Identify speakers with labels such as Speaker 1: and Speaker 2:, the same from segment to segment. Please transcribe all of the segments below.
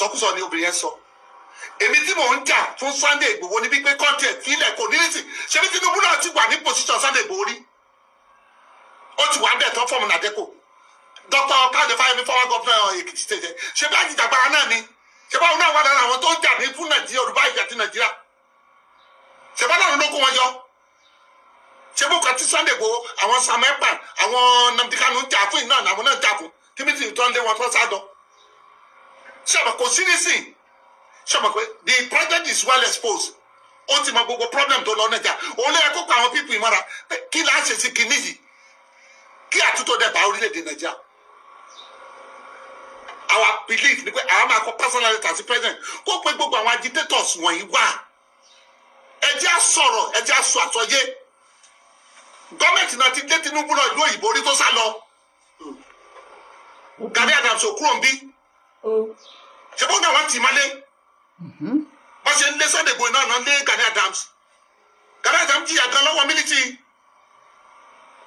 Speaker 1: sọkúsọ ni obìnrin yẹn sọ èmi tí mò ń jà fún Sunday Igboho níbi pé kọ́ńtì ẹ̀ fílẹ̀ kò ní lẹ́sìn ṣebí Tinubu náà ti wà ní pòsíṣàn Sunday Igboho rí ó ti wà bẹ́ẹ̀ tán fọ́ọ̀mù nàdẹ́kò dr káde fáyemí fọwọ́ gọ́fúnà Èkìtì tẹ̀jẹ̀ ṣé bá ti dàgbà náà ni ṣé báwo náà wà lára àwọn tó ń jà ní fún Nàìjíríà Yorùbá ìjà ti Nàìjíríà ṣé bá náà ló kó wọn yọ ṣé bó kọ́ tí Sunday Igboho àwọn Sam Ekpan àwọn Nnamdi Kanu ń jà fún ìnáà àwọn náà ń jà fún kí ṣọmọ kò sí nísìn ṣọmọ pé the project is well exposed ó ti mọ gbogbo problem tó lọ nàìjà òun lè kópa àwọn pípì mọ́ra kí láà ṣe sí kinní yìí kí àtúntò dẹ̀ bá orílẹ̀-èdè nàìjà our belief ni pé àwọn máa kọ personal letter sí president kó pé gbogbo àwọn agitators wọ̀nyí wà ẹ jẹ́ á sọ̀rọ̀ ẹ jẹ́ á sọ àtọ́yé gọ́ọ̀mẹ̀ntì náà ti dé Tinubu lọ ìlú òyìnbó orí tó sá lọ Gani Adams kúrò ń bí. Mm. ṣé bóńgà wọn tì í mọ́lé mm-hmm. bá ṣe ń lé sọ́dẹ̀gbò náà náà lé Gani Adams Gani Adams jìyà gan lọ́wọ́ mílítì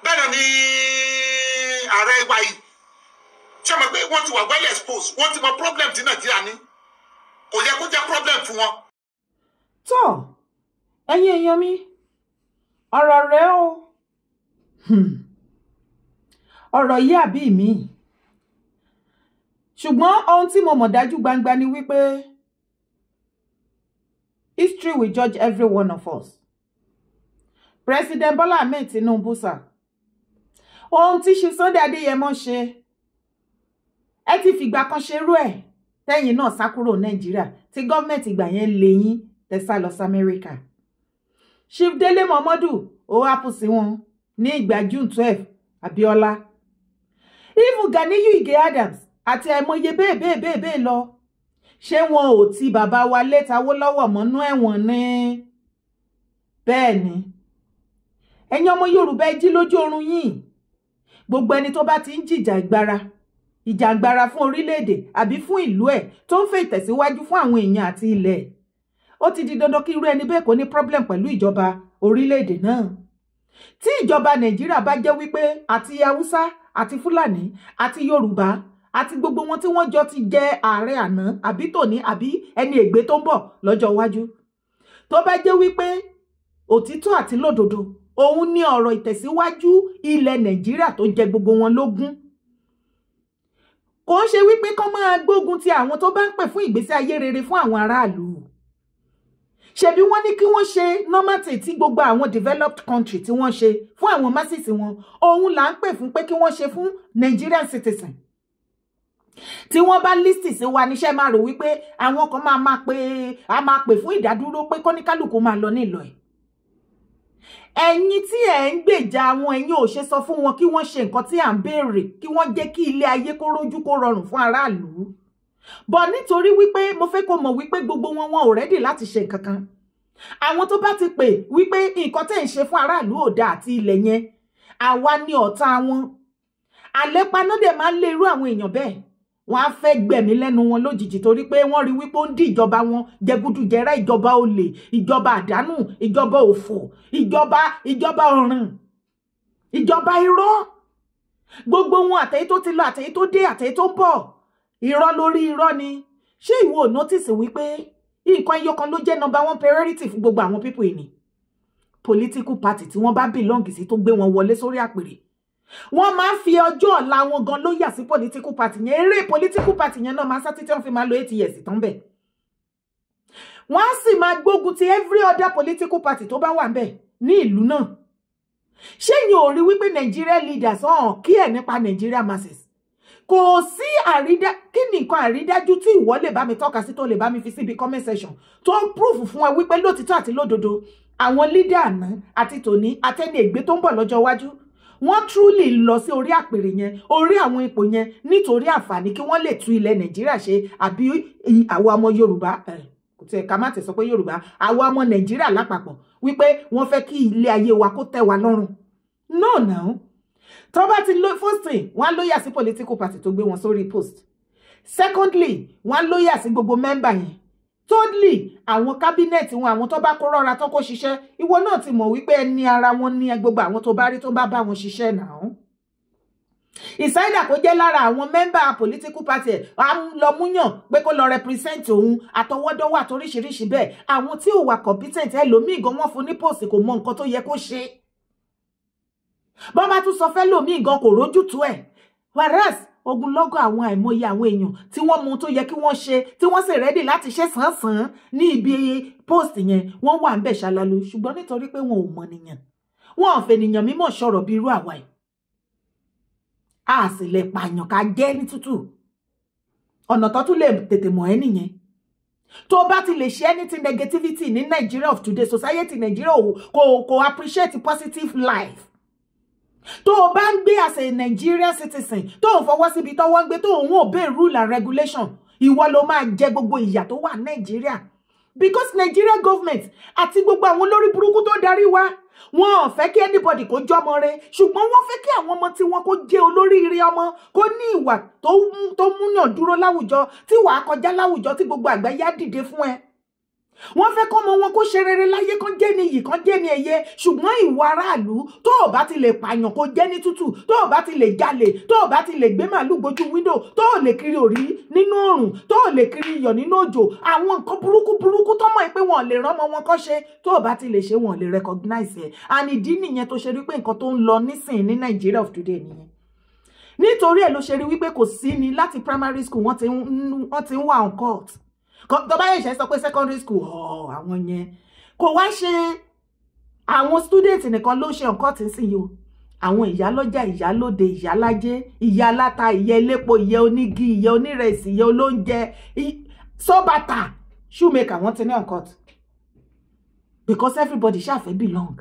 Speaker 1: bẹ́ẹ̀ náà ni ààrẹ wa yìí ṣé o mọ̀ pé wọ́n ti wà well exposed wọ́n ti mọ problem tí Nàìjíríà ní kò yẹ kó jẹ́ problem fún wọn. tó
Speaker 2: ẹ̀yin èèyàn mi ọ̀rọ̀ rẹ o hmm. ọ̀rọ̀ yìí àbí mi ṣùgbọ́n ohun tí mo mọ̀ dájú gbangba ni wípé history will judge every one of us president Bola Ahmed Tinubu sà ohun tí ṣe Sunday Adéyẹmọ ṣe ẹ ti fìgbà kan ṣerú ẹ̀ tẹ́yìn náà sá kúrò Nàìjíríà tí gọ́ọ̀mẹ̀ntì ìgbà yẹn lé yín tẹsà lọ sí Amẹ́ríkà Chief Dele Momodu ó hápù sí wọn ní ìgbà June twelve Abiola even Ganiyu Ige Adams àti àìmọye bẹ́ẹ̀ bẹ́ẹ̀ bẹ́ẹ̀ bẹ́ẹ̀ lọ ṣé wọn ò ti bàbá wa létawó lọ́wọ́ mọ́nú ẹ̀wọ̀n ni bẹ́ẹ̀ ni ẹ̀yin ọmọ Yorùbá ẹ jí lójú oorun yìí gbogbo ẹni tó bá ti ń jìjà ìgbára ìjàǹgbara fún orílẹ̀-èdè àbí fún ìlú ẹ̀ tó ń fẹ́ ìtẹ̀síwájú fún àwọn èèyàn àti ilẹ̀ ó ti di dandan kí irú ẹni bẹ́ẹ̀ kò ní problem pẹ̀lú ìjọba orílẹ̀-èdè náà tí ìjọba Nàìjíríà bá jẹ́ wípé àti Haúsá àti Fúlàní àti Yorùbá àti gbogbo wọn tí wọ́n jọ ti jẹ ààrẹ àná àbí tòní àbí ẹni ègbé tó ń bọ̀ lọ́jọ́ iwájú tó bá jẹ́ wípé òtítọ́ àti lódodo òun ni ọ̀rọ̀ ìtẹ̀síwájú ilẹ̀ nàìjíríà tó jẹ gbogbo wọn lógún kò ń ṣe wípé kán máa gbógun ti àwọn tó bá ń pè fún ìgbésí ayé rere fún àwọn aráàlú ṣebí wọ́n ní kí wọ́n ṣe normal tí gbogbo àwọn developed country tí wọ́n ṣe fún àwọn masses wọn òun là ń pè fún pé kí wọ́n ṣe fún Nigerian citizen tí wọ́n bá lísì sí wa níṣẹ́ máa rò wípé àwọn kan máa máa pè á máa pè fún ìdádúró pé kọ́níkálùkù máa lọ nílọ ẹ̀ ẹ̀yin tí ẹ̀ ń gbèjà wọn ẹ̀yin ò ṣe sọ fún wọn kí wọ́n ṣe nǹkan tí à ń béèrè kí wọ́n jẹ́ kí ilé ayé kó rójú kó rọrùn fún aráàlú bọ̀ nítorí wípé mo fẹ́ kó mọ̀ wípé gbogbo wọn wọn ò rẹ́dì láti ṣe nǹkan kan àwọn tó bá ti pè wípé nǹkan tẹ̀ ń ṣe fún aráàlú ò dáa àti ilẹ̀ yẹn ni ọ̀tá wọn àlépa náà dẹ̀ máa ń lé irú àwọn èèyàn bẹ́ẹ̀ wọ́n á fẹ́ gbẹ̀mí lẹ́nu wọn lójijì torí pé wọ́n rí wípé ó ń dí ìjọba wọn jẹgúdújẹrá ìjọba olè ìjọba àdánù ìjọba òfò ìjọba ìjọba ọ̀ràn ìjọba irọ́ gbogbo wọn àtẹ̀yí tó ti lọ àtẹ̀yí tó dé àtẹ̀yí tó bọ̀ irọ́ lórí irọ́ ni ṣé ìwọ ò nọ́tìsì wípé nǹkan ẹyọ kan ló jẹ́ number one priority fún gbogbo àwọn pípò yìí political party tí wọ́n bá belong sí tó gbé wọn wọlé sórí àpèrè wọ́n máa ń fi ọjọ́ ọ̀la wọn gan ló yà sí political party yẹn eré political party yẹn náà máa sá títí wọ́n fi máa lo eight years tán bẹ̀ wọ́n á sì máa gbógun ti every other political party tó bá wà bẹ̀ ní ìlú náà ṣé yìí ò rí wípé Nigeria leaders ọ̀hún kí ẹ̀ nípa Nigeria masses kò sí àrídá kí nìkan àrídájú tí ìwọ lè bá mi tọ́ka sí tó lè bá mi fi síbi comment section tó ń proof fún ẹ wípé lótìtọ́ àti lódodo àwọn leader àná àti tòní àtẹni ègbé tó ń bọ̀ lọ́jọ́ iwájú wọ́n truly lọ sí orí àpèrè yẹn orí àwọn ipò yẹn nítorí àǹfààní kí wọ́n lè tún ilẹ̀ nàìjíríà ṣe àbí àwọn ọmọ yorùbá eh, kò tẹ ká má tẹ sọ pé yorùbá àwọn ọmọ nàìjíríà lápapọ̀ wípé wọ́n fẹ́ kí ilé ayé wa kó tẹ́ wa lọ́rùn náà náà tó bá ti lo fósìn wọ́n á lóyà sí political party tó gbé wọn sórí post secondly wọ́n á lóyà sí gbogbo mẹ́mbà yẹn Totally, àwọn kábínẹ̀tì wọn àwọn tó bá kó rọra tó kó ṣiṣẹ́ ìwọ náà ti mọ̀ wípé ẹni ara wọn ní gbogbo àwọn tó bá rí tó bá bá wọn ṣiṣẹ́ náà ìsáìdà kó jẹ́ lára àwọn mẹ́mbà political party à ń lọ múyàn pé kó lọ represent òun àtọwọ́dọ́wọ́ àtoríṣiríṣi bẹ́ẹ̀ àwọn tí ò wà competent ẹlòmíì gan wọ́n fún ní pòsì kò mọ nǹkan tó yẹ kó ṣe bọ́n bá tún sọ fẹ́ lòmíì gan kò rójútu ẹ̀ whereas ogunlọ́gọ̀ àwọn àìmọye àwọn èèyàn tí wọ́n mú tó yẹ kí wọ́n ṣe tí wọ́n sì rẹ́dì láti ṣe sàn-án ní ibi post yẹn wọ́n wà ń bẹ̀ ṣàlàlù ṣùgbọ́n nítorí pé wọn ò mọ nìyàn wọn ò fẹ́ nìyàn mímọ̀ sọ̀rọ̀ bí irú àwa yìí a sì lè pààyàn ká jẹ́ ní tútù ọ̀nà tó tún lè tètè mọ̀ ẹ́ nìyẹn tó bá ti lè ṣe anything negativity ní Nigeria of today society Nigeria kò kò appreciate positive life tó o bá ń gbé as a Nigerian citizen tó o fọwọ́ síbi tọ́wọ́ ń gbé tó òun ò bẹ́ẹ̀ rule and regulation ìwọ ló máa jẹ gbogbo ìyà tó wà Nigeria, because Nigeria government àti gbogbo àwọn olórí burúkú tó darí wa wọn ò fẹ́ kí anybody kó jọmọ rẹ ṣùgbọ́n wọ́n fẹ́ kí àwọn ọmọ tiwọn kó jẹ́ olóríire ọmọ kó ní ìwà tó múyàn dúró láwùjọ tí wàá kọjá láwùjọ tí gbogbo àgbáyé á dìde fún ẹ wọ́n fẹ́ kọ́ ọmọ wọn kó ṣe rere láyé kán jẹ́ ní iyì kán jẹ́ ní ẹ̀yẹ ṣùgbọ́n ìwà aráàlú tó o bá ti lè pààyàn kó jẹ́ ní tútù tó o bá ti lè jalè tó o bá ti lè gbé màálù gbójú wíńdò tó o lè kiri òrí nínú oòrùn tó o lè kiri iyọ̀ nínú òjò àwọn nǹkan burúkú burúkú tọ́mọ ẹ pé wọn lè rọ́mọ wọn kọ́ ṣe tó o bá ti lè ṣe wọn lè recognize ẹ and ìdí nìyẹn tó ṣe rí pé nǹkan tó ń lọ nísìn ní Nigeria of today nìyẹn nítorí ẹ ló ṣe rí wípé kò sí ni láti primary school wọn ti ń wà on court tọ́ba ẹ̀ṣẹ̀ sọ pé secondary school ọ̀ oh, àwọn yẹn kò wá ṣe àwọn student nìkan ló ṣe nǹkan tí ń sìn yìí o àwọn ìyálọ́jà ìyálóde ìyálájé ìyálata ìyá elépo ìyá onígi ìyá onírẹsì ìyá olóúnjẹ sọ́bàtà shoemaker wọ́n ti ní uncut because everybody ṣàfẹ́ belong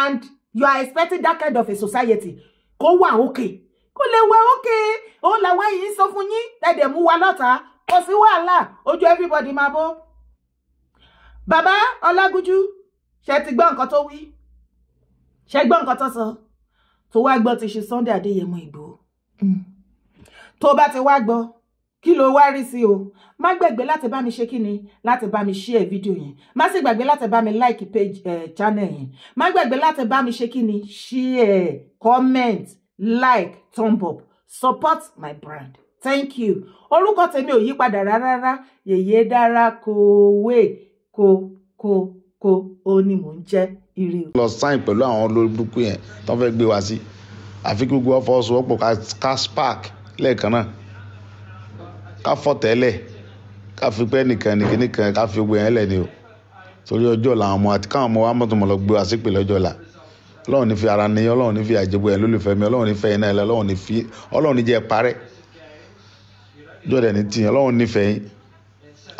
Speaker 2: and you are expecting that kind of a society kó wà òkè kó lè wà òkè ó làwọn yìí ń sọ fún yín ẹ̀dẹ̀ mú wa lọ́ta kò sí Oju everybody máa bó bàbá ọlágúnjú ṣe ti gbọ́ nǹkan tó wí ṣe gbọ́ nǹkan tó sọ tó wá gbọ́ ti ṣe Sunday Adéyẹmọ Ìgbòho hmm. tó bá ti wá gbọ́ kilo ló wá rí sí o má gbàgbé láti bá mi ṣe kí ni láti bá mi share video yẹn má sì gbàgbé láti ba mi like page uh, channel yẹn má gbàgbé láti ba mi ṣe kí ni share comment like thumb up support my brand thank you orúkọ tèmi ò yípadà rárá yèyé dára kòwé kò kò kò ó ní mò ń jẹ́ ire
Speaker 3: o. lọ sáìn pẹ̀lú àwọn olórúkú yẹn tó fẹ́ gbé wá sí àfi gbogbo ọfọwọ́sowọ́pọ̀ ká spark lẹ́ẹ̀kan náà ká fọ̀tẹ́lẹ̀ ká fi pẹ́ nìkan nìkan nìkan ká fi gbogbo yẹn lẹ̀ ni o torí ọjọ́ ọ̀la àwọn ọmọ àti káwọn ọmọ wa mọ̀tò mọ̀ lọ gbé wá sí ìpìlẹ̀ ọjọ́ ọ̀la ọlọ́run ní fi ara nìyẹn ọlọ́run ní fi àjẹgbọ́ yẹn lólùfẹ́ mi ọlọ́run ní fẹ́ yẹn náà ọlọ́run jọ́dẹ̀ ní tiyan ọlọ́run nífẹ̀ẹ́ yín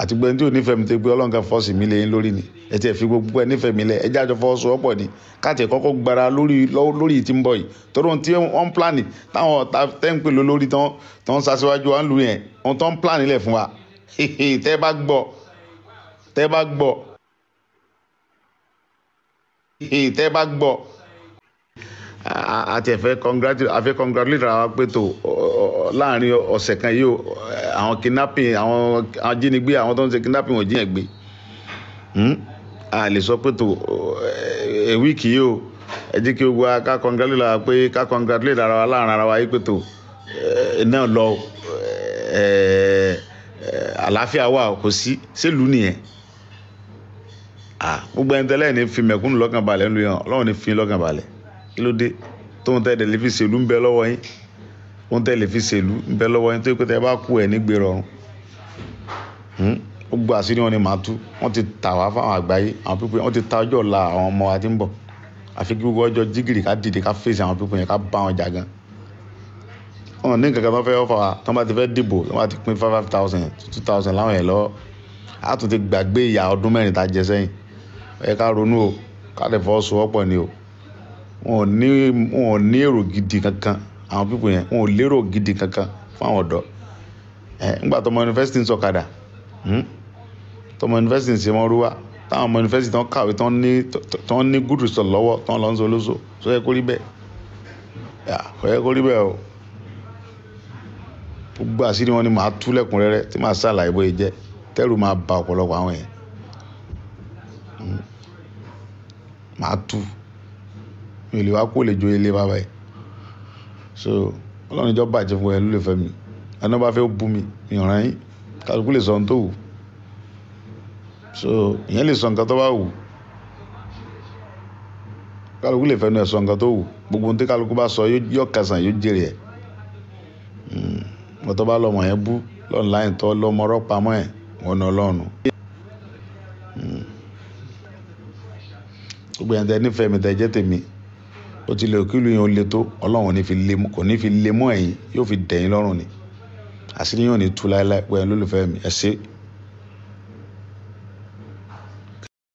Speaker 3: àti gbẹ́ni tí ò nífẹ̀ẹ́ mi ti pé ọlọ́run kan fọ́ọ̀sì mi lé yín lórí ni ẹ ti ẹ̀ fi gbogbo ẹ nífẹ̀ẹ́ mi lẹ̀ ẹ jájọ fọwọ́sowọ́pọ̀ ni káàtì kọ́kọ́ gbara lórí lórí tí ń bọ̀ yìí tọ́rọ tí wọ́n ń pláàni táwọn ọ̀tá tẹ́ ń pè ló lórí tán tán ń sasíwájú wa ń lu yẹn ohun tán ń pláàni lẹ̀ fún wa tẹ́ bá gbọ́ tẹ́ bá gbọ́ tẹ́ bá gbọ́ àti ẹ̀fẹ́ congratulate àfẹ́ congratulate ra wa pé tó láàrin ọ̀sẹ̀ kan yìí o àwọn kidnapping àwọn ajínigbé àwọn tó ń ṣe kidnapping wọ́n jiyàn gbé hmm? a lè sọ pé tó ẹ̀wí kì í o ẹ jẹ́ kí gbogbo ká congratulate ra wa pé ká congratulate ra wa láàrin ara wa yìí pé tó náà lọ àlàáfíà wà kò sí sílùú nìyẹn gbogbo ẹni tẹ́lẹ̀ ní fi mẹ̀kúnnù lọ́kàn balẹ̀ ńlú yẹn ọlọ́run ní fi lọ́kàn balẹ̀ kí ló dé tóun tẹ́ lè fi ṣèlú ń bẹ lọ́wọ́ yín tóun tẹ́ lè fi ṣèlú ń bẹ lọ́wọ́ yín tó yẹ pé tẹ́ bá kú ẹ̀ nígbè rọrùn ó hmm? gbọ́ àṣírí wọn ni màá tú wọ́n ti tà wá fáwọn àgbáyé àwọn pípẹ́ wọ́n ti ta ọjọ́ ọ̀la àwọn ọmọ wa ti ń bọ̀ àfi kí gbogbo ọjọ́ jígìrì ká dìde ká fèsì àwọn pípẹ́ yẹn ká bá wọn jà gan. wọn ní nǹkan kan tó fẹ́ ọ̀fà wa tó bá ti fẹ́ dìbò tó bá ti pín five five thousand two thousand láwọn yẹn lọ́wọ́ a tún ti gbàgbé ìyà ọdún mẹ́rin tá a jẹ sẹ́yìn ẹ ká ronú o ká lè fọwọ́sowọ́pọ̀ ni o wọn ò ní wọn ò ní èrò gidi kankan àwọn pípò yẹn wọn ò lérò gidi kankan fún àwọn ọ̀dọ́ ẹ ńgbà tọmọ yunifásitì ń sọkadà hmm, tọmọ yunifásitì ń ṣe mọ́ rúwá táwọn ọmọ yunifásitì tán kàwé tán ní tán ní good result lọ́wọ́ tán lọ ń sọ olóso sọ yẹ kó rí bẹ́ẹ̀ sọ yẹ kó rí bẹ́ẹ̀ o gbogbo àṣírí wọn ni màá tú lẹ́kùnrẹ́rẹ́ tí màá ṣàlàyé bóyá jẹ́ tẹ́rù máa ba ọ̀pọ̀lọpọ̀ àwọn yẹn hmm, màá tú mi ò lè wá kó lè jó ilé bàbá yìí so ọlọ́run ìjọ bàjẹ́ fún ẹ lólùfẹ́ mi ẹni wọ́n bá fẹ́ bú mi ìràn yín kálukú lè sọ ohun tó wù so ìyẹn lè sọ nǹkan tó bá wù kálukú lè fẹnu ẹ sọ nǹkan tó wù gbogbo ohun tí kálukú bá sọ yóò kẹsàn yóò jèrè ẹ ọtọ bá lọmọ yẹn bú lọ́nà láyìn tọ́ lọ́mọ ọ̀rọ̀ pamọ́ ẹ̀ wọn nà ọlọ́run gbogbo yẹn tẹ nífẹ̀ẹ́ mi tẹ jẹ́ tèmi bó tilẹ̀ òkìlú yẹn ó le tó ọlọ́run kò ní fi lé mọ́ ẹ̀yìn yóò fi dẹ̀yìn lọ́rùn ni àṣírí yóò ní tú láéláé pé olólùfẹ́ mi ẹ ṣé